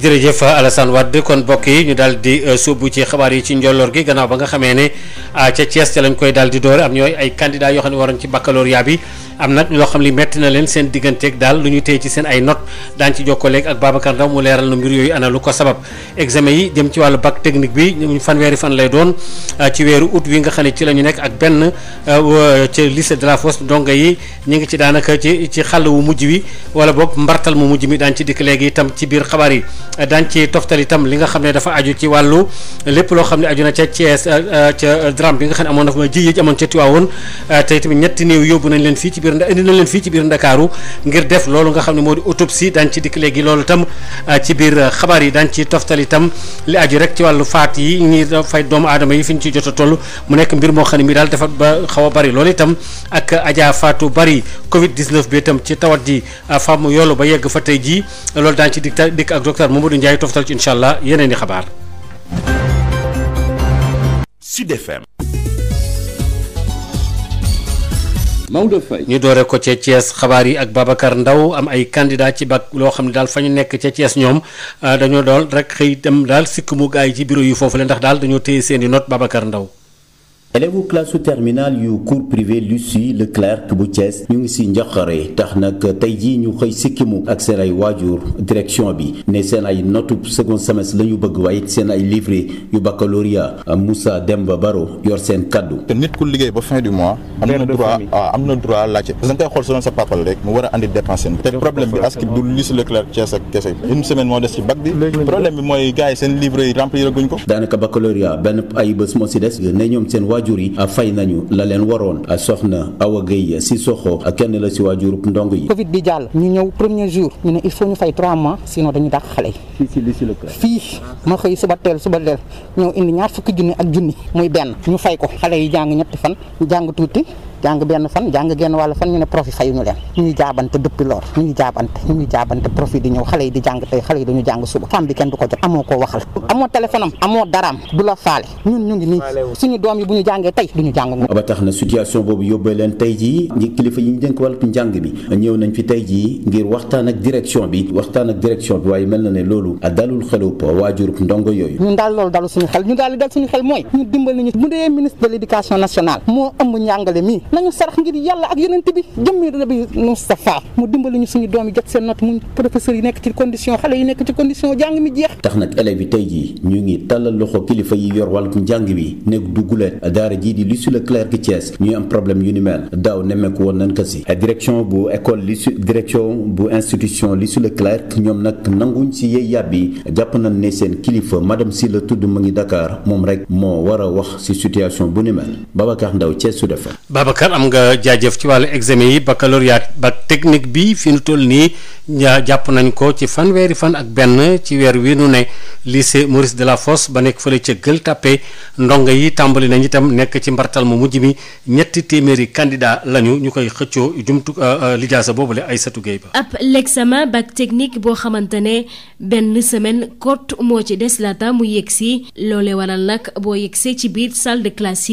jërëjëf Alassane Wade kon mbokk yi ñu daal di euh, sóobu ci xabaar yi ci njolloor gi gannaaw ba nga xamee ne ah, ca Thiès ca lañ koy daal di doore am ñooy ay candidats yoo xam ne waroon ci baccalauréat bi am nag yoo xam li metti na leen seen digganteeg daal lu ñu tey ci seen ay not daan ci jokkooleeg ak Babacar mu leeral na mbir yooyu ana lu ko sabab examen yi jëm ci wàllu bac technique bi ñu fanweeri fan lay doon euh, ci weeru août wi nga xam ne ci la ñu nekk ak benn euh, ci lycée de la Fosse yi ñu ngi ci daanaka ci ci xàll wu mujj wi wala boog mbartal mu mujj mi daan ci dikk léegi itam ci biir xabaar yi daan ci toftal itam li nga xam ne dafa aju ci wàllu lépp loo xam ne aju na ca Thiès euh, ca drame bi nga xam ne amoon na fa ji yi amoon ca Tiwaawoon ci biir biir nda indi na leen fii ci biir ndakaaru ngir def loolu nga xam ne moo di autopsie daan ci dikk léegi loolu tam ah, ci biir ah, xabaar yi daan ci toftal itam li aju rek ci wàllu faat yi ñi fay doomu aadama yi fi ñu ci jot a toll mu nekk mbir moo xam ne mi daal dafa ba xaw a bari loolu itam ak Adja Fatou Bari Covid 19 bi itam ci tawat ji ah, faamu yoolu ba yegg fa tey jii loolu daan ci dikk dikk ak docteur Mamadou Ndiaye toftal ci incha allah yeneen i xabaar. Sud Maodo Faye ñu doore ko ca cees xabaar yi ak Babacar Ndaw am ay candidat ci bac loo xam ne daal fa ñu nekk ca cees ñoom ah, dañoo doon rek xëy dem daal sikk mu gaay yi ci bureau yi foofu le ndax daal dañoo téye seeni i note Babacar Ndaw élèves classe su terminal yu cours privé Lucie Leclerc bu Thiès ñu ngi si njoxare tax nag tey jii ñu xëy sikkimu ak seen ay waajur direction bi ne seen ay notub second semestre la ñu bëgg waaye seen ay livret yu baccalauréat Moussa Demba Baro yor seen kaddu. te nit ku liggéey ba fin du mois. am na droit waaw ah, am na droit laajte. parce que da xool selon sa papa rek mu war a andi dépense seen. te problème bi aski du Lucie Leclerc Thiès ak kese une semaine moo des ci bac bi. mooy gars yi seen livret yi remplir guñ ko. daanaka baccalauréat des ne ñoom seen waajur yi ah, fay nañu la leen waroon ah, soxna Awa Gueye si soxo ah, kenn la si waajurub ndong yi covid bi jàll ñu ñëw premier jour ñu ne il faut ñu fay trois mois sinon dañu dàq xale yi fii ma xëy suba teel suba teel ñëw indi ñaar fukki junni ak junni muy benn ñu fay ko xale yi jàng ñetti fan jàng tuuti jàng benn fan jàng genn wàll fan ñu ne profit fayuñu leen ñuy jaabante dëppi lor ñuy jaabante profit di ñëw xale yi di jàng tey xale yi dañu jàng bi kenn du ko jot amoo koo waxal amoo téléphone am amoo daraam du la suñu doom yi bu ñu jàngee tey duñu jàng moo ëmb njàngale mi nañu sarax ngir yàlla ak yonent bi jëmmi nabi Moustapha mu dimbali ñu suñu doom yi jot seen note mu professeur yi nekk ci condition jàng mi jeex. tax nag élèves yi tey jii ñu ngi tàllal loxo kilifa yi yor wàllu njàng bi nekk du guleet daara jii di Lucie Leclerc Thiès ñuy am problème yu ni mel daaw nemmeeku woon nañ ko si direction bu école Lucie direction bu institution Lucie Leclerc ñoom nag nanguñ si yey yàbbi jàpp nañ ne seen kilifa madame si la tudd mu ngi Dakar moom rek moo war a wax si situation bu ni mel Babacar Ndaw Thiès su defa Babacar am nga jaajëf ci wàllu examen yi baccalauréat bac technique bi fi nu toll nii jàpp nañ ko ci fanweeri fan ak benn ci weer wi nu ne lycée Maurice Delafosse ba nekk fële ca Gueule Tapée ndongo yi tàmbali nañ itam nekk ci mbartal mu mujj mi ñetti téeméeri candidat lañu ñu koy xëccoo jumtu euh, euh, lijaasa boobule Aïssatou Gueye ba. ab l'examen bac technique boo xamante ne benn semaine courte moo ci des laata mu yegg si loolee waral nag boo yegg ci biir sal de classe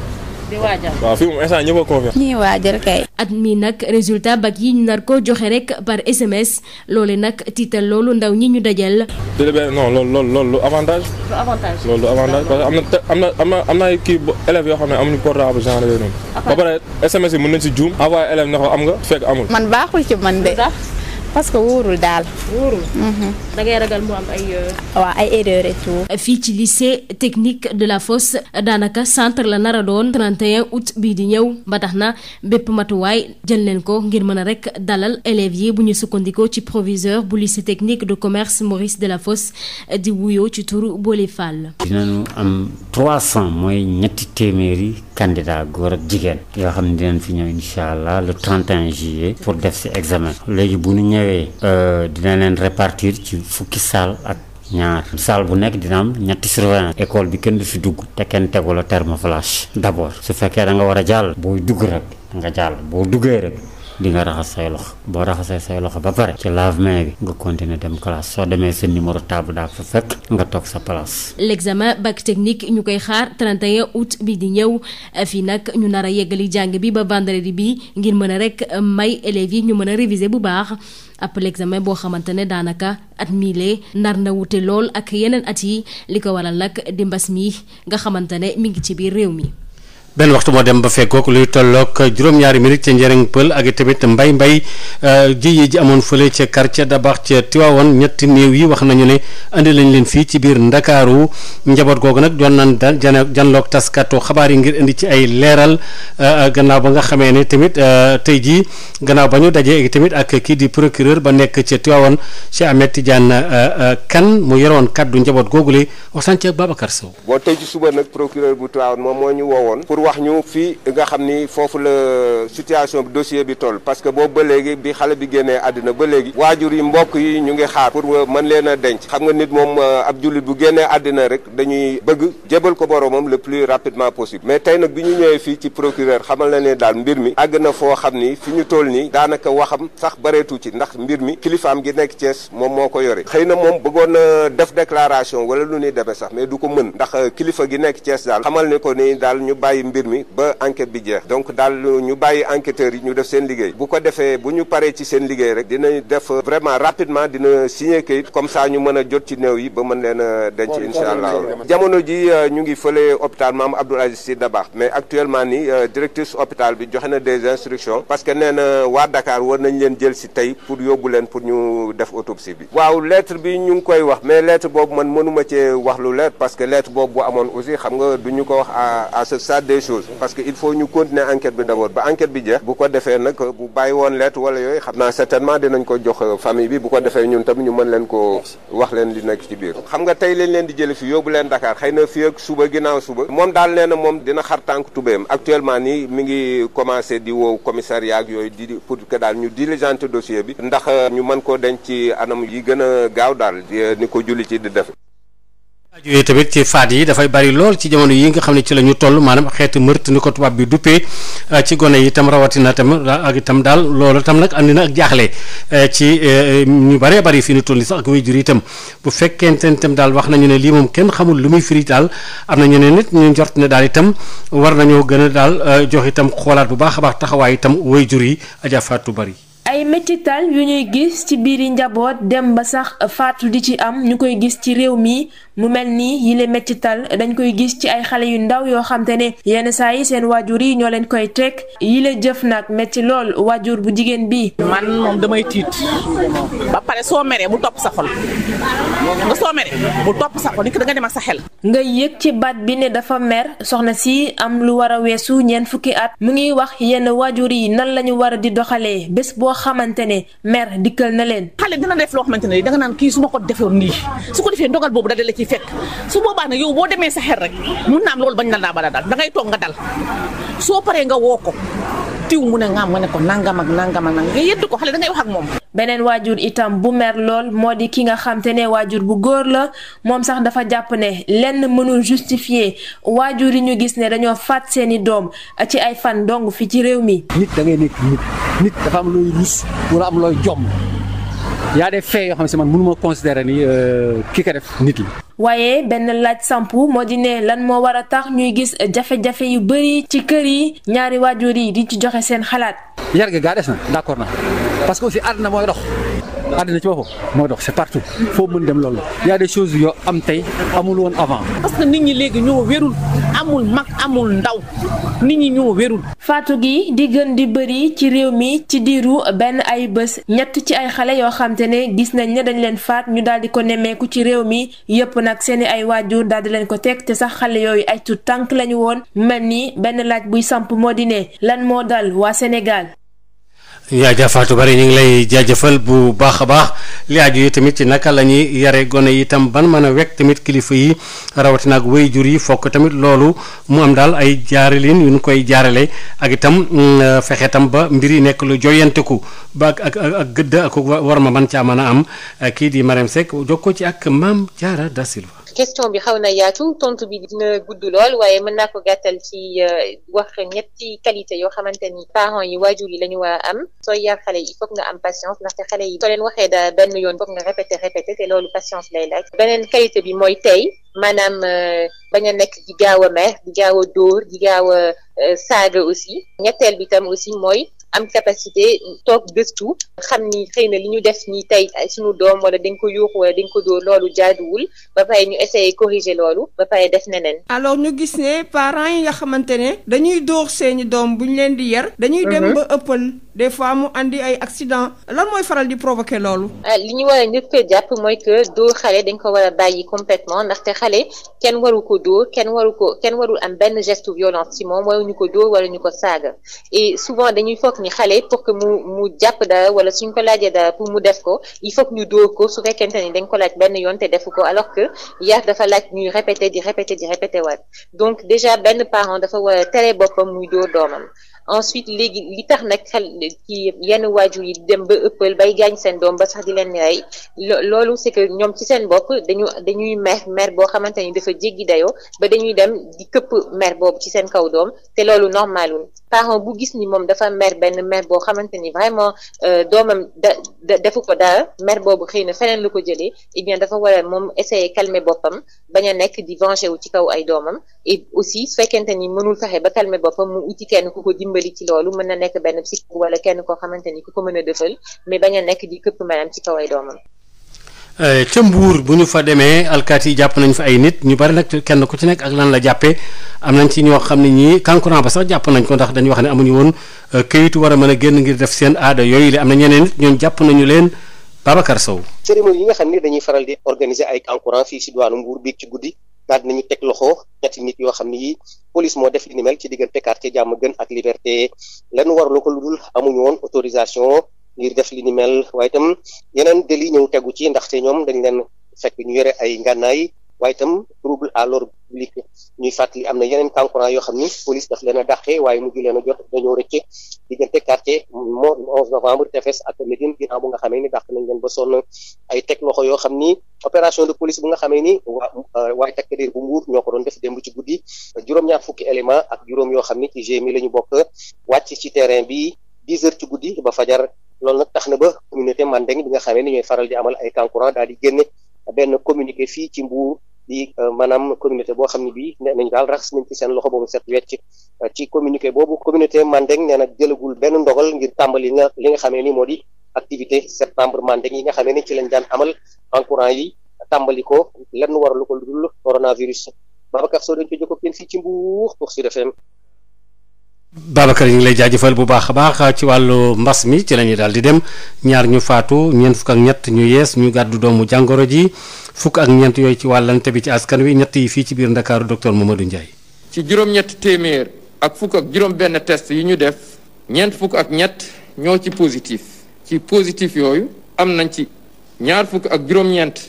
di waajal. waaw fii moom instant ñëpp a confiance. ñuy waajal kay. at mi nag résultat bac yi ñu nar ko joxe rek par SMS loole nag tiital loolu ndaw ñi ñu dajal. déedéet non loolu loolu loolu avantage. lu avantage loolu avantage parce que am na am na am na kii élèves yoo xam ne amuñu portable genre yooyu noonu. ba pare SMS yi mën nañ si juum. envoyé élève ne ko am nga fekk amul. man baaxul ci man de. parce que wóorul daal. wóorul. Mhm. da ragal mu am ay. Euh, waaw ay erreur et fii ci lycée technique de la fosse daanaka centre la nar a doon 31 bii di ñëw ba tax na bépp matuwaay jël leen ko ngir mën a rek dalal élèves yi bu ñu sukkandikoo ci proviseur bu lycée technique de commerce Maurice de la Fosse di wuyoo ci turu Bolé Fall. dinañu am 300 mooy ñetti téeméeri. candidat góor ak jigéen yoo xam ne dinañ fi ñëw incha allah le 31 juillet pour def si examen léegi bu nu ñëwee euh, dina leen répartir ci fukki saal ak ñaar saal bu nekk dina am ñetti surveillance école bi kenn du fi dugg te kenn tegu la thermoflash d' abord su fekkee da nga war a jàll booy dugg rek nga jàll boo duggee rek di nga raxas say loxo boo raxasee say loxo ba pare ci lave-mains bi nga continuer dem classe soo demee sa numéro taabu daa fa fekk nga toog sa place. l'examen bac technique ñu koy xaar 31 août bi di ñëw fii nag ñu nar a yeggali jàng bi ba vendredi bi ngir mën a rek may élèves yi ñu mën a réviser bu baax. app l'examen boo xamante ne daanaka at mii lee nar na wute lool ak yeneen at yi li ko waral nag di mbas mii nga xamante ne mi ngi ci biir réew mi. benn waxtu moo dem ba fekkook luy tollook juróom-ñaari minute ca njëriñ pël ak tamit mbay mbay euh, ji ji amoon fële ca quartier Dabax ca Tiwaawoon ñetti néew yi wax nañu ne andi lañ leen fii ci biir ndakaaru njaboot googu nag doon naan daan janloog taskatu xabaar yi ngir indi ci ay leeral euh, gannaaw ba nga xamee ne tamit euh, tey jii gannaaw ba ñu dajee tamit ak kii di procureur ba nekk ca Tiwaawoon Cheikh Ahmed Tidiane Kane mu yoroon kaddu njaboot googule waxtaan ci ak Babacar wax ñu fii nga xam ni foofu la situation bi dossier bi toll parce que boobu ba léegi bi xale bi génnee àddina ba léegi waajur yi mbokk yi ñu ngi xaar pour man leen a denc xam nga nit moom euh, ab jullit bu génnee àddina rek dañuy bëgg jébal ko boromam le plus rapidement possible mais tey nag bi ñu ñëwee fii ci procureur xamal na ne daal mbir mi àgg na foo xam ni fi ñu toll nii daanaka waxam sax bareetu ci ndax mbir mi kilifaam gi nekk Thiès moom moo ko yore xëy na moom bëggoon na def déclaration wala lu ñuy demee ndax euh, kilifa gi nekk mbir mi ba enquête bi jeex donc daal yi ñu def seen liggéey bu ko defee bu ñu paree ci seen liggéey rek dinañ def vraiment rapidement dina signer kayit comme ça ñu mën a jot ci néew yi ba mën leen a denc incha allah jamono ji euh, ñu ngi fële hôpital maam Abdoul Aziz Sy Dabakh mais actuellement ni euh, directrice hôpital bi joxe na des instructions parce que nee waa Dakar war nañ leen jël si tey pour yóbbu leen pour ñu def autopsie bi waaw lettre bi ñu ngi koy wax mais lettre des parce que il faut ñu continuer enquête bi d'abord ba enquête bi jeex bu ko defee nag bu bàyyi woon lettre wala yooyu xam naa certainement dinañ ko jox euh, famille bi bu ko defee ñun tam ñu mën leen ko wax leen li nekk ci biir xam nga tey lañ leen di jële fi yóbbu leen Dakar xëy na fii ak suba ginnaaw suba moom daal nee na moom dina xar tànk tubeem actuellement nii mi ngi commencé di woow commissariat ak yooyu di pour que daal ñu diligente dossier bi ndax euh, ñu mën ko denc ci anam yi gën a gaaw daal euh, ni ko julli ci di def yooyu tamit ci faat yi dafay bari lool ci jamono yi nga xam ne ci la ñu toll maanaam xeetu mërt ni ko tubaab bi duppee euh, ci gone yi itam rawatina tam ak itam daal loolu tam nag na ak jaaxle euh, ci euh, ñu bari fii ñu toll ni sax ak waajur yi itam bu fekkente ne itam daal wax nañu ne lii moom kenn xamul lu muy firi daal am na ñeneen nit ñu njort na daal itam war nañoo gën a daal jox itam xoolaat bu baax a baax taxawaay itam jur yi aja faatu bari ay mettital yu ñuy gis ci biiri njaboot dem ba sax faatu di ci am ñu koy gis ci réew mi mu mel nii yile mettital dañ koy gis ci ay xale yu ndaw yoo xam ne yenn saa yi seen waajur yi ñoo leen koy teg yile jëf nag metti lool waajur bu jigéen bi man moom damay tiit ba pare soo meree bu topp sa xol nga soo meree mu topp sa xol ni ko da nga dem sa xel. nga yëg ci baat bi ne dafa mer soxna si am lu war a weesu ñeent fukki at mu ngi wax yenn waajur yi nan la ñu war a di doxalee bés boo xamante ne mer dikkal na leen. xale dina def loo xamante ne da nga naan kii su ma ko defee su boobaa nag yow boo demee sa xel rek mun naa am loolu bañ na laa bala dal dangay ngay nga dal soo paree nga woo ko tiw mu ne ngaam nga ne ko nangam ak nangam ak nangam nga yedd wax ak moom. beneen waajur itam bu mer lool moo di ki nga xam ne waajur bu góor la moom sax dafa jàpp ne lenn mënul justifier waajur yi ñu gis ne dañoo faat seeni doom ci ay fan dong fi ci réew mi. da ngay nekk nit nit dafa am looy rus wala am looy jom yaa def fee yoo xam si man mënu ma considérer ni euh, ki ko def nit la. waaye benn laaj sampu moo di ne lan moo war a tax ñuy gis jafe-jafe yu bëri ci kër yi ñaari waajur yi di ci joxe seen xalaat. yar gi gaa des na d'accord na parce que aussi na mooy dox. na ci boppam mooy dox c'est partout foo mën dem loolu la y a des yoo am tey amul woon avant. parce que nit ñi léegi ñoo wérul amul mag amul ndaw nit ñi ñoo wérul. faatu gi di gën di bëri ci réew mi ci diiru benn ay bés ñett ci ay xale yoo xam ne gis nañ ne dañ leen faat ñu daal di ko nemmeeku ci réew mi yépp na ak seen i ay waajur daal di leen ko teg te sax xale yooyu ay tuut tànk lañu woon mel nii benn laaj buy samp moo di ne lan moo dal waa Sénégal yaa faatu ñu ngi lay jaajëfal bu baax a baax li aju yi tamit ci naka la ñuy yare gone yi itam ban mën a wekk tamit kilifa yi rawatina ak jur yi fokk tamit loolu mu am daal ay jaarelin yu ñu koy jaarale ak itam mm, fexe tam ba mbir yi nekk lu joyanteku ba ak ak ak ak war ma mën caa mën a am kii di Marème Seck ko ci ak Maam Jaara da Silva question bi xaw na yaatu tontu bi dina gudd lool waaye mën naa ko gàttal ci euh, wax ci qualité yoo xamante ni parents yi waajur yi la ñu war am sooy yar xale yi foog nga am patience ndaxte xale yi soo leen waxee da benn yoon foog nga répété répété te loolu patience lay laaj beneen qualité bi mooy tey maanaam euh, bañ a nekk di gaaw a mer di a dóor di gaaw a euh, saaga aussi ñetteel bi tam aussi mooy am capacité toog gëstu xam ni xëy na li ñu def nii tey suñu doom wala dañ ko yuuxu wala dañ ko dóor loolu jaaduwul ba pare ñu essayer corriger loolu ba pare def neneen. alors ñu gis ne parent yi nga xamante ne dañuy dóor seeni doom bu ñu leen di yar. dañuy dem mhm. ba ëppal des fois mu indi ay accident lan mooy faral di provoquer loolu. Ah, li ñu war a njëkk jàpp mooy que dóor xale dañ ko war a bàyyi complètement ndaxte xale kenn waru ko dóor kenn waru ko kenn warul am benn geste violent ci moom waruñu ko dóor waruñu ko saaga ni xale pour que mu mu jàpp dara wala suñ ko laajee dara pour mu def ko il faut que ñu dóor ko su fekkente ni dañ ko laaj benn yoon te defu ko alors que yar dafa laaj ñuy répété di répété di répété waat donc déjà benn parent dafa war a boppam muy dóor doomam ensuite léegi li tax nag xel ci yenn waajur yi dem ba ëppal bay gaañ seen doom ba sax di leen rey loolu c'est que ñoom ci seen bopp dañu dañuy mer mer boo xamante ni dafa jéggi dayoo ba dañuy dem di këpp mer boobu ci seen kaw doom te loolu normalul parent bu gis ni moom dafa mer benn mer boo xamante ni vraiment euh, doomam da defu ko dara mer boobu xëy na feneen la ko jëlee eh bien dafa war a moom essayer calmer boppam bañ a nekk di venger wu ci kaw ay doomam et aussi su fekkente ni mënul ba calmer boppam dimbali ci loolu mën na nekk benn psychologue wala kenn koo xamante ni ko mën a dëfal mais bañ a nekk di këpp maanaam ci kaw doomam. Euh, ca Mbuur bu ñu fa demee alkaati yi jàpp nañ fa ay nit ñu bari nag kenn ku ci nekk ak lan la jàppee am nañ ci ñoo xam ne ñii kankurang ba sax jàpp nañ ko ndax dañu wax ne amuñu woon euh, këyitu war a mën a génn ngir def seen aada yooyu li am na ñeneen nit ñoom jàpp nañu leen Babacar Sow. cérémonie yi nga xam ne dañuy faral di organiser ay kankurang fii si diwaanu Mbuur bi ci guddi daal dinañu teg loxo ñetti nit yoo xam ni yi police moo def li ni mel ci diggante quartier jàmm gën ak liberté lan warlu ko lu dul amuñu woon autorisation ngir def li ni mel waaye itam yeneen délit ñëw tegu ci ndaxte ñoom dañ leen fekk ñu yore ay ngànnaay waaye itam trouble à l'ordre public ñuy fàttali am na yeneen kankurang yoo xam ni police daf leen a dàqee waaye mujj leen a jot dañoo rëcce diggante quartier moo 11 novembre tefes ak Médine ginnaaw bu nga xamee ni dàq nañ leen ba sonn ay teg loxo yoo xam ni opération de police bu nga xamee ni waa waaye takk der bu Mbuur ñoo ko doon def démb ci guddi juróom-ñaar fukki élément ak juróom yoo xam ni ci GMI la ñu bokk wàcc ci terrain bi 10 heures ci guddi ba fajar loolu nag tax na ba communauté Mandeng bi nga xamee ni ñooy faral di amal ay kankurang daal di génne benn communiqué fii ci Mbuur di euh, maanaam communauté boo xam ne bii nee nañ daal raxas nañ ci seen loxo boobu set wecc euh, ci communiqué boobu communauté Mandeng nee jëlagul benn ndogal ngir tàmbali li nga xamee ni moo activité septembre Mandeng yi nga xamee ni ci lañ daan amal encourant yi tàmbali ko lenn waralu ko lu dul coronavirus Babacar Sow dañ ko jokkoog yéen ci Mbour pour Sud FM Babacar yi ngi lay jaajëfal bu baax a baax ci wàllu mbas mi ci la ñuy daal di dem ñaar ñu faatu ñeent fukk ak ñett ñu yees ñu gàddu doomu jàngoro ji fukk ak ñeent yooyu ci wàllante bi ci askan wi ñett fii ci biir Ndakaaru docteur Mamadou Ndiaye. ci juróom-ñett téeméer ak fukk ak juróom-benn test yi ñu def ñeent fukk ak ñett ñoo ci positif ci positif yooyu am nañ ci ñaar fukk ak juróom-ñeent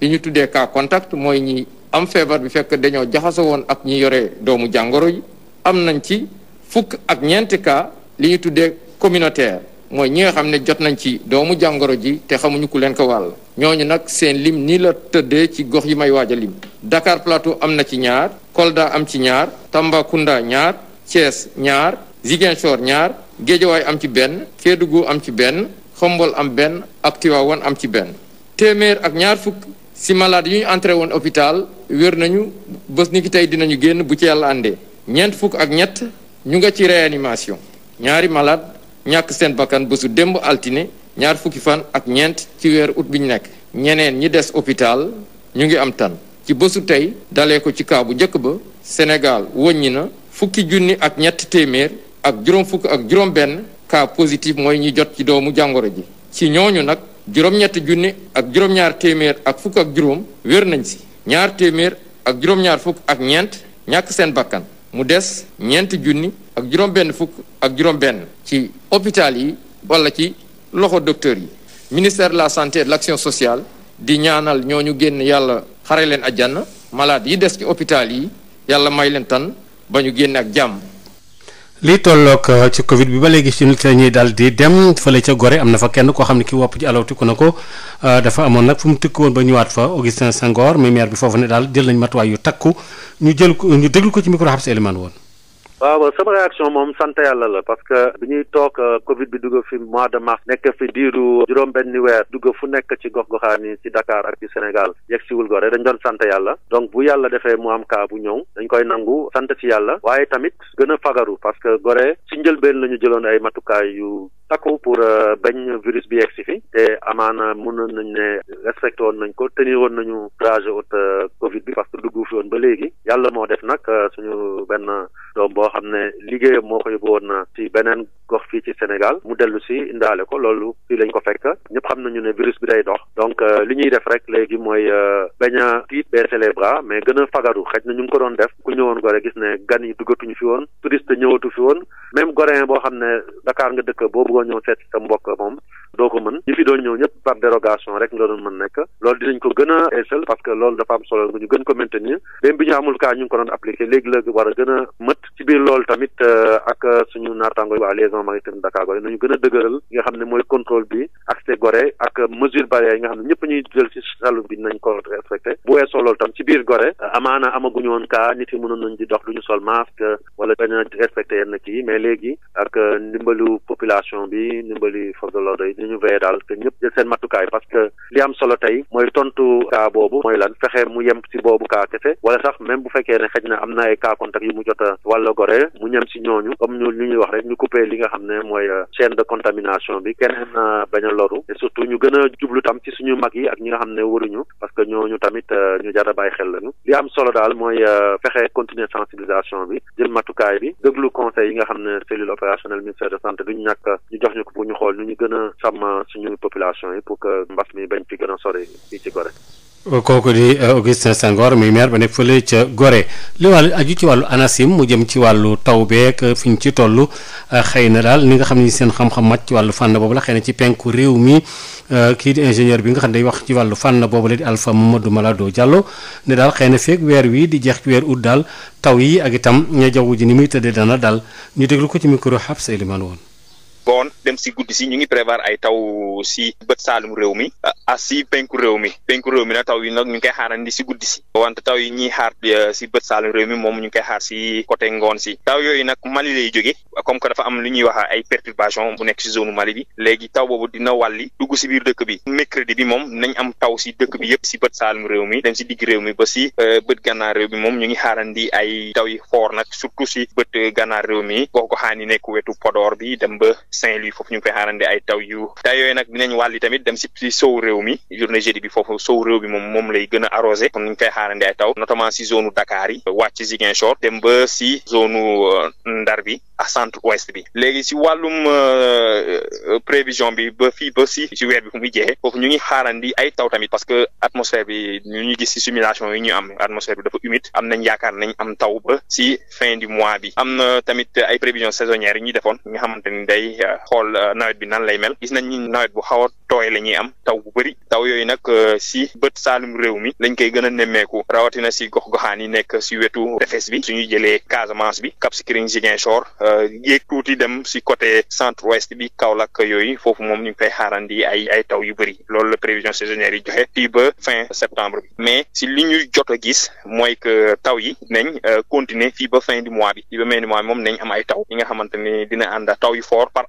yi ñu tuddee cas contact mooy ñi am feebar bi fekk dañoo jaxasoo woon ak ñi yore doomu jàngoro yi am nañ ci. fukk ak ñeenti cas li ñu tuddee communautaire mooy ñi nga xam ne jot nañ ci doomu jàngoro ji te xamuñu ku leen ko wàll ñooñu nag seen lim nii la tëddee ci gox yi may waaj a lim Dakar Plateau am na ci ñaar Kolda am ci ñaar Tambacounda ñaar Thiès ñaar Ziguinchor ñaar Géejawaay am ci benn Kédougou am ci benn Xombol am benn ak Tivaouane am ci benn téeméer ak ñaar fukk si malade yu ñu entré woon hôpital wér nañu bës ni ki tey dinañu génn bu ci yàlla àndee ñeent fukk ak ñett ñu nga ci réanimation ñaari malade ñàkk seen bakkan bésu démb altine ñaar fukki fan ak ñeent ci weer ut bi ñu nekk ñeneen ñi des hôpital ñu ngi am tan ci bësu tey dalee ko ci kaa bu njëkk ba Sénégal wëññi na fukki junni ak ñett téeméer ak juróom fukk ak juróom benn mooy ñi jot ci doomu jàngoro ji ci ñooñu nag juróom-ñetti ak juróom téeméer ak fukk ak juróom wér nañ si ñaar téeméer ak juróom-ñaar fukk ak ñeent ñàkk seen bakkan mu des ñeenti junni ak juróom-benn fukk ak juróom-benn ci hôpital yi wala ci loxo docteur yi ministère de la santé et de l'action sociale di ñaanal ñoo ñu génn yàlla xare leen àjjana malaat yi des ci hôpital yi yàlla may leen tan ba ñu génne ak jàmm lii tolloog uh, ci Covid bi ba léegi ci nit la ñuy daal di dem fële ca Gorée am na fa kenn koo xam ne ki wopp ji alawtiku na ko uh, dafa amoon nag fu mu tukki woon ba ñëwaat fa Augustin Senghor mi maire bi foofu ne daal jël nañ matuwaay yu takku ñu jël ko ñu déglu ko ci micro Habs Elimane woon. waaw sama réaction moom sant yàlla la parce que bi ñuy toog euh, Covid bi dugg fi mois de mars nekk fi diiru juróom benni weer dugg fu nekk ci gox-goxaan yi ci Dakar ak ci Sénégal yegg siwul dañ doon sant yàlla donc bu yàlla defee mu am kaa bu ñëw dañ koy nangu sant ci yàlla waaye tamit gën a fagaru parce que Gorée ci njëlbeen la ñu jëloon ay matukaay yu takku pour euh, bañ virus bi yegg si fi te amaana mënoon nañ ne respecté woon nañ ko tenir woon nañu trajet ut euh, Covid bi parce que dugg fi woon ba léegi yàlla moo def nag euh, suñu benn doom boo xam ne liggéeyam moo ko yóbbu woon na ci beneen gox fii ci Sénégal mu dellu si indaale ko loolu fii lañ ko fekk ñëpp xam nañu ne virus bi day dox donc li ñuy def rek léegi mooy bañ a tiit baisser les bras mais gën a fagaru xëj na ñu ngi ko doon def ku ñëwoon gore gis ne gan yi duggatuñu fi woon touriste ñëwatu fi woon même goréen boo bëggoon ñëw seet sa mbokk moom doo ko mën ñi fi doon ñëw ñëpp par dérogation rek nga doon mën nekk loolu dinañ ko gën a eesal parce que loolu dafa am solo ñu gën ko maintenir même bi ñu amul cas ñu ngi ko doon appliqué léegi la war a gën mët ci biir loolu tamit euh, ak euh, suñu naataango yi waa liaison maritime Dakar Gorée nañu gën a dëgëral nga xam ne mooy contrôle bi accès Gorée ak euh, mesure barrière yi nga xam ne ñëpp ñuy jël ci salu bi nañ ko respecté bu weesoo loolu tam ci biir Gorée amaana amaguñu woon cas nit yi mënoon nañ di dox duñu sol masque wala a respecté yenn léegi ak population bi ndimbalu force de ñu veillé daal que ñëpp jël seen matukaay parce que li am solo tey mooy tontu cas boobu mooy lan fexe mu yem si boobu cas kese wala sax même bu fekkee ne xëj na am na ay contact yu mu jot a wàllu gore mu ñem si ñooñu comme ñu li ñuy wax rek ñu coupé li nga xam ne mooy euh, chaîne de contamination bi keneen bañ a loru et surtout ñu gën a jublu tam ci suñu mag yi ak ñi nga xam ne waruñu parce que ñooñu tamit euh, ñu jar a bàyyi xel lañu li am solo daal mooy euh, fexe continuer sensibilisation bi jël bi déglu conseil yi nga xam ne cellule opérationnelle pratiquement suñu population yi pour que mbas mi bañ fi gën a sore fii ci Gorée. Euh, kooku di euh, Augustin Senghor muy maire ba nekk fële ca Gorée li wàllu aju ci wàllu ANACIM mu jëm ci wàllu taw beeg euh, fi ñu ci toll xëy na daal ni nga xam ni seen xam-xam màcc ci wàllu fànn boobu la xey na ci penku réew mi kii di ingénieur bi nga xam ne day wax ci wàllu fànn boobu la di Alpha Mamadou Malado Diallo ne daal xëy na feeg weer wii di jeex ci weer ut daal taw yi ak itam ña jaww ji ni muy tëddee dana daal ñu déglu ko ci micro Habsa Elimane woon. ngoon dem si guddi si ñu ngi prévoir ay taw si bët saalum réew mi as ah, si penku réew mi penku réew mi nag taw yi nag ñu ngi koy xaarandi si guddi si wante taw yi ñuy xaar eh, si bët saalum réew mi moom ñu ngi koy xaar si côté ngoon si taw yooyu nag Mali lay jóge comme que dafa am lu ñuy wax ay perturbation bu nekk si zone Mali bi léegi taw boobu dina wàlli dugg si biir dëkk bi mercredi bi moom nañ am taw si dëkk yëpp si bët saalum réew mi dem si digg mi ba si eh, bët gànnaar réew moom ñu ngi xaarandi ay taw yi nag surtout si bët eh, gànnaar réew mi gox goxaan yi nekk wetu Podor bi dem Saint-Louis foofu ñu ngi fay xaarandi ay taw yu taw yooyu nag dinañ wàlli tamit dem si si sow réew mi journée jeudi bi foofu sow réew bi moom moom lay gën a arrosé ñu ngi fay xaarandi ay taw notamment si zone Dakar yi wàcc Ziguinchor dem ba si zone euh, Ndar bi ak centre ouest bi léegi si wàllum euh, euh, prévision bi ba fii ba si si weer bi fu muy jeexee foofu ñu ngi xaarandi ay taw tamit parce que atmosphère bi ñu ñu gis si simulation yi ñu am atmosphère bi dafa humide am nañ yaakaar nañ am taw ba si fin du mois bi am na tamit ay prévision saisonnières yi ñu defoon nga xamante day xool euh, nawet bi nan lay mel gis nañ ni nawet bu xaw a tooy la am taw bu bëri taw yooyu nag euh, si bët saalum réew mi lañ koy gën a nemmeeku rawatina si gox-goxaan yi nekk si wetu tefes bi suñu jëlee Casamance bi Cap Skirring Ziguinchor euh, yéeg tuuti dem si côté centre ouest bi Kaolack yooyu foofu moom ñu ngi fay xaarandi ay ay taw yu bëri lool la prévision saisonnière yi joxe fii ba fin septembre bi mais si li jot a gis mooy que taw yi nañ continuer fii ba fin du mois bi fii bi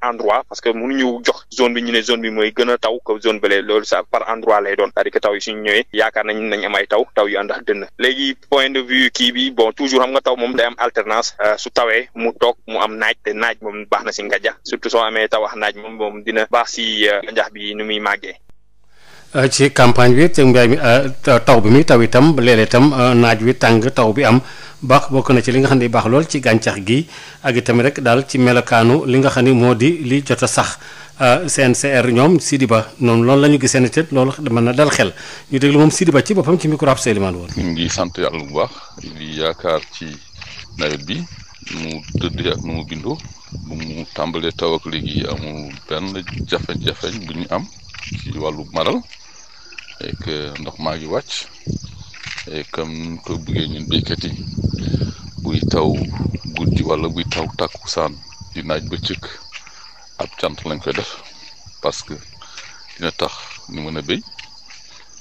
endroit parce que mënuñu jox zone bi ñu ne zone bi mooy gën taw ko zone bële loolu sax par endroit lay doon c'est-à-dire que taw yi nañ nañ am ay taw taw yu ànd ak dënn léegi point de vue ki bi bon toujours xam nga taw moom day am alternance euh, su tawee mu toog mu am naaj te naaj moom baax na si ngajax surtout soo amee taw ak naaj moom moom dina baax si euh, ngajax bi nu muy màggee Euh, ci campagne bi te mbay euh, taw bi muy taw itam léeg itam euh, naaj wi tàng taw bi am baax bokk na ci li nga xam ne baax lool ci gàncax gi ak itam rek daal ci melokaanu li nga xam ni moo di li jot a sax CNCR ñoom Sidi Ba noonu loolu la ñu seen ne lool loolu mën na dal xel ñu déglu moom Sidi Ba ci boppam ci micro ab Souleymane woon. ñu ngi sant yàlla bu baax di yaakaar ci nawet bi mu tëdd ak nu mu bindoo mu tàmbalee taw ak léegi amul benn jafe-jafe bu ñu et que ndox maa ngi wàcc kam comme ni ko bëggee ñun béykat buy taw guddi wala buy taw takkusaan di naaj ba cëkk ab cant lañ koy def parce que dina tax ñu mën a béy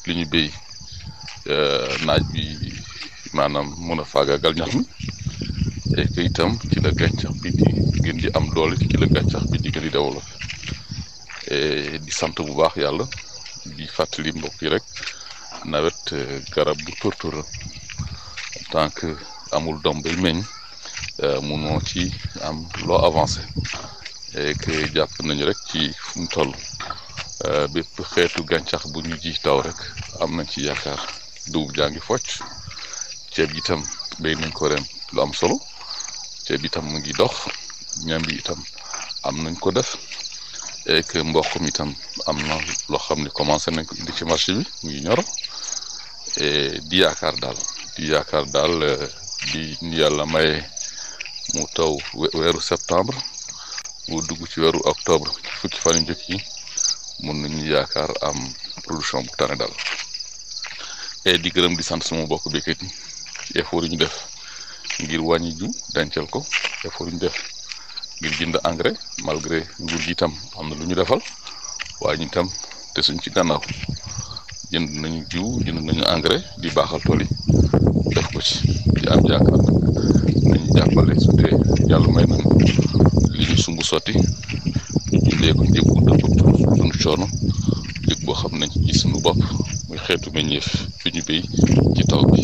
li ñu béy euh, naaj bi maanaam mën a faagaagal ñax mi et que itam ci la gàncax bi gën di am doole ci la gàncax bi di gën di développé et di sant bu baax yàlla. di fàttali mbokk yi rek nawet euh, garab bu tóortóor la tant amul doom bay meññ euh, munoo ci am loo avancé et jàpp nañu rek ci fu mu toll euh, bépp xeetu gàncax bu ñu ji taw rek am nañ ci yaakaar dugub jaa ngi ceeb yi itam béy nañ ko ren lu am solo ceeb itam mu ngi dox ñambi itam am nañ ko def. et que mboq mi tam am na loo xam ne commencé nañ ko indi ci marché bi mu ngi ñor et di yaakaar daal di yaakaar daal euh, di ñu yàlla may mu taw weeru septembre bu dugg ci weeru octobre fukki fan yu njëkk yi mun nañu yaakaar am production bu tane daal et di gërëm di sant sama mbokk béykat yi effort yi ñu def ngir wàññi ju dencal ko effort yi ñu def. ngir jënd engrais malgré nguur gi itam am na lu ñu defal waaye ñu itam te suñ ci gànnaaw jënd nañu jiw jënd nañu engrais di baaxal tool yi def ko ci di am yaakaar nag nañu jàppale may nañu li ñu sumb sotti ko njëg bu dëpp suñu coono njëg boo xam nañ ci suñu bopp xeetu meññeef fi ñu béy ci taw bi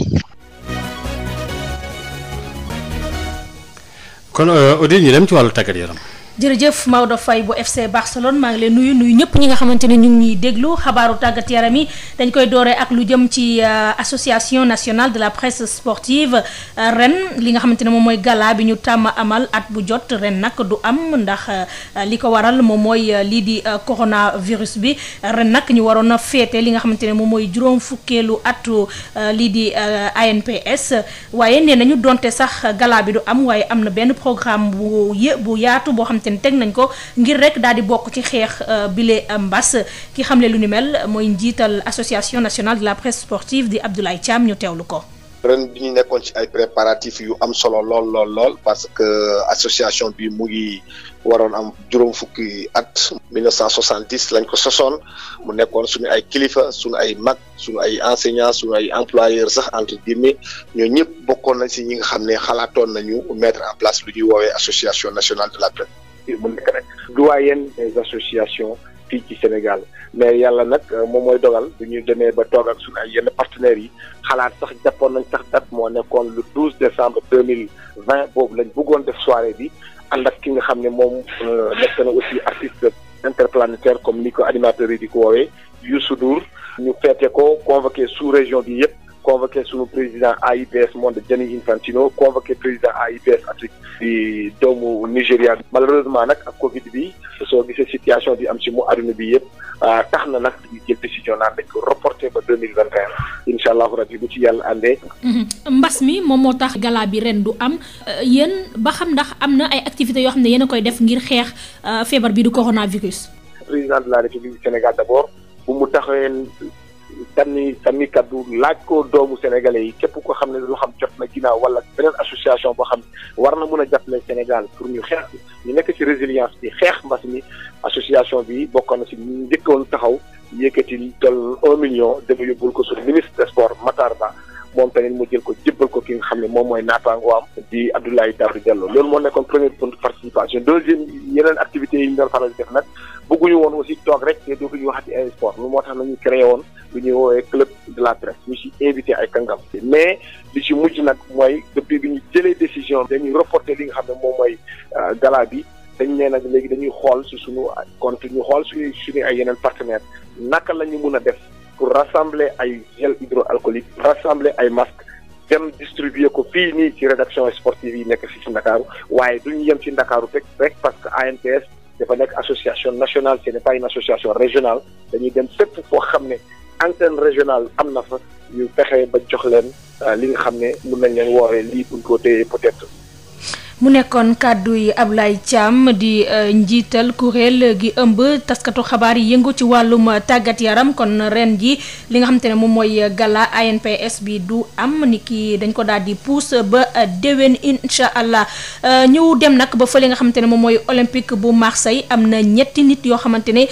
kon euh, Odile ñu dem ci wàllu tàggat yaram. jërëjëf Maodo fay bu FC Barcelone maa ngi leen nuyu nuyu ñëpp ñi nga xamante ne ñu ngi ñuy déglu xabaaru tàggat yaram yi dañ koy dooree ak lu jëm ci euh, association nationale de la presse sportive euh, ren li nga xamante ne moom mooy galaa bi ñu tàmm amal at bu jot ren nag du am ndax euh, li ko waral moom mooy lii di coronavirus bi ren nag ñu waroon a féete li nga xamante ne moom mooy juróom fukkeelu atu lii di ANPS waaye nee nañu donte sax galaa bi du am waaye am na benn programme bu bu yaatu boo xamante teg nañ ko ngir rek daal di bokk ci xeex euh, bile euh, mbas ki xamle lu ni mel mooy njiital association nationale de la presse sportive di Abdoulaye Thiam ñu teewlu ko. ren bi ñu nekkoon ci ay préparatifs yu am solo lool lool parce que association bi mu ngi waroon am juróom fukki at 1970 lañ ko sosoon mu nekkoon suñu ay kilifa suñu ay mag suñu ay enseignants suñu ay employeurs sax entre guillemets ñoo ñëpp bokkoon nañ ci ñi nga xam ne xalaatoon nañu mettre en place lu ñuy woowee association nationale de structure bu nekk rek doyen des associations fii ci Sénégal mais yàlla nag euh, moom mooy dogal bu ñu demee ba toog ak suñu ay yenn partenaires yi xalaat sax jàppoon nañ sax date moo nekkoon lu le 12 décembre 2020 boobu lañ bëggoon def soirée bi ànd ak ki nga xam ne moom euh, nekk na aussi artiste interplanétaire comme ni ko animateurs yi di ko woowee Youssou Ndour ñu feete ko convoqué sous régions bi yëpp convoqué suñu président AIPS monde Gianni Infantino convoqué président AIPS Afrique di doomu Nigéria malheureusement nag ak Covid bi soo gisee situation bi am si mu àdduna bi yëpp ah, tax na nag ñu jël décision naan dañ ko reporté ba deux mille vingt et un incha allahu rabi bu ci yàlla àndee. Mhm. mbas mi moom moo tax gala bi ren du am euh, yéen ba xam ndax am na ay activités yoo xam ne yéen a koy def ngir xeex euh, feebar bi du coronavirus. président de la république du tànni sàmmi kaddu laaj ko doomu sénégalais yi képp ko xam ne lu xam jot na ginnaaw wala beneen association boo xam ne war na mën a jàppale Sénégal pour ñu xeex ñu nekk ci résilience bi xeex mbas mi association bi bokkoon na si ñu njëkkoon taxaw yëkkati toll un million dama yóbbul ko suñu ministre des sports moom tamit mu jël ko jébbal ko ki nga xam ne moom mooy naataango am di Abdoulaye Daouda Diallo loolu moo nekkoon première participation deuxième yeneen activités yi ñu doon faral di def nag bëgguñu woon aussi toog rek te dootuñu waxati ay sport lu moo tax nañu créé woon lu ñuy woowee club de la presse ñu si invité ay kàngam mais li si mujj nag mooy depuis bi ñu jëlee décision dañuy reporter li nga xam ne moom mooy euh, gala bi dañ ne nag léegi dañuy xool si suñu compte ñu xool suñu suñu ay yeneen partenaire naka la ñu mun a def pour rassembler ay gel hydroalcoolique rassembler ay masques dem distribuer ko fii nii ci rédaction sportive yi nekk fii ci Ndakaaru waaye duñu yem ci Ndakaaru rek rek parce que ANPS dafa nekk association nationale ce n'est pas association régionale dañuy dem fépp foo xam ne antenne régionale am na fa ñu fexe ba jox leen euh, li nga xam ne mun nañ leen woowee lii buñ ko téye mu nekkoon kàddu yi Ablaye Thiam di euh, njiital kuréel gi ëmb taskatu xabaar yi yëngu ci wàllum tàggat yaram kon ren ji li nga xamante ne moom mooy gala ANPS bi du am ni kii dañ ko daal di puus ba euh, déwén incha allah euh, ñu dem nag ba fa li nga xamante ne moom mooy olympique bu Marseille am na ñetti nit yoo xamante ne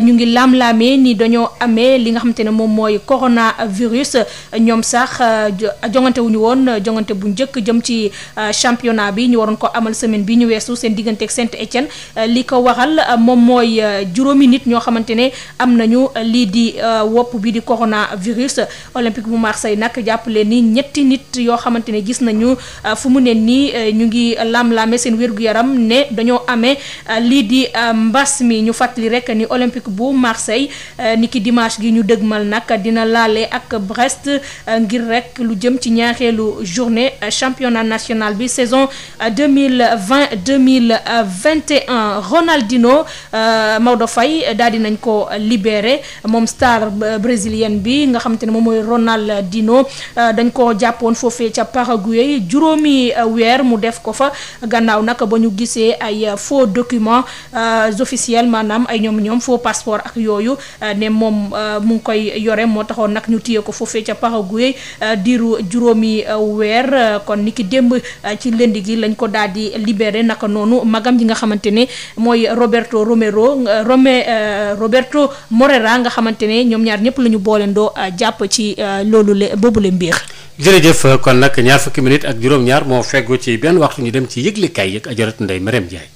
ñu ngi laam-laamee ni dañoo amee li nga xamante ne moom mooy coronavirus ñoom sax jongante wuñu woon jongante bu njëkk jëm ci championnat bi ñu waroon ko amal semaine bi ñu weesu seen diggante ak Saint-Étienne euh, li ko waxal euh, moom mooy euh, juróomi nit ñoo xamante ne am nañu lii di wopp bi di coronavirus olympique bu Marseille nag jàpp leen ni ñetti nit yoo xamante ne gis nañu fu mu ne nii ñu ngi lam-laame seen wér-gu-yaram ne dañoo amee lii di mbas mi ñu fàttali rek ni olympique bu Marseille ni ki dimanche gi ñu dëgmal nag dina laale ak Brest ngir rek lu jëm ci ñaareelu journée championnat national bi saison 2020 2021 Ronaldinho euh, Maodo Faye daal di nañ ko libéré moom star euh, brésilienne bi nga xamante ne moom mooy Ronaldinho euh, dañ ko jàppoon foofee ca Paraguay juróomi weer mu def ko fa gannaaw nag ba ñu gisee ay faux document officiels maanaam ay ñoom ñoom foo passeport ak yooyu ne moom mu ngi koy yore moo taxoon nag ñu téye ko foofee ca Paraguay diiru juróomi weer kon ni démb ci lënd gi lañ ko. ko daal di libéré naka noonu magam ji nga xamante ne mooy Roberto Romero Romé euh, Roberto Morera nga xamante ne ñoom ñaar ñëpp la ñu booleendoo euh, jàpp ci euh, loolu le boobu boobule mbiix jërëjëf kon nag ñaar fukki minutes ak juróom-ñaar moo feggu ci benn waxtu ñu dem ci yëglekaay yeeg ajaratu ndey Marème Ndiaye.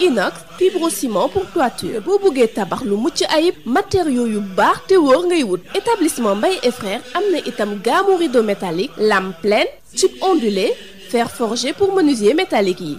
inox fibrociment pour toiture boo bëggee tabax lu mucc ayib matériaux yu baax te wóor ngay wut établissement mbay et am na itam gamme rideau métallique lame pleine tube ondulé fer forgé pour menuisier métallique yi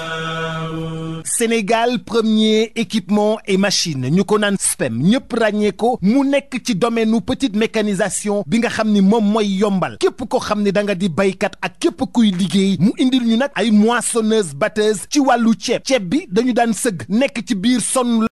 naan Sénégal premier équipement et machine ñu ko naan SPEM ñëpp ràññeeko ko mu nekk ci domaine nu petite mécanisation bi nga xam ni moom mooy yombal képp ko xam ni da nga di béykat ak képp kuy liggéey mu indil ñu nag ay moissonneuse batteuse ci wàllu ceeb ceeb bi dañu daan sëgg nekk ci biir sonn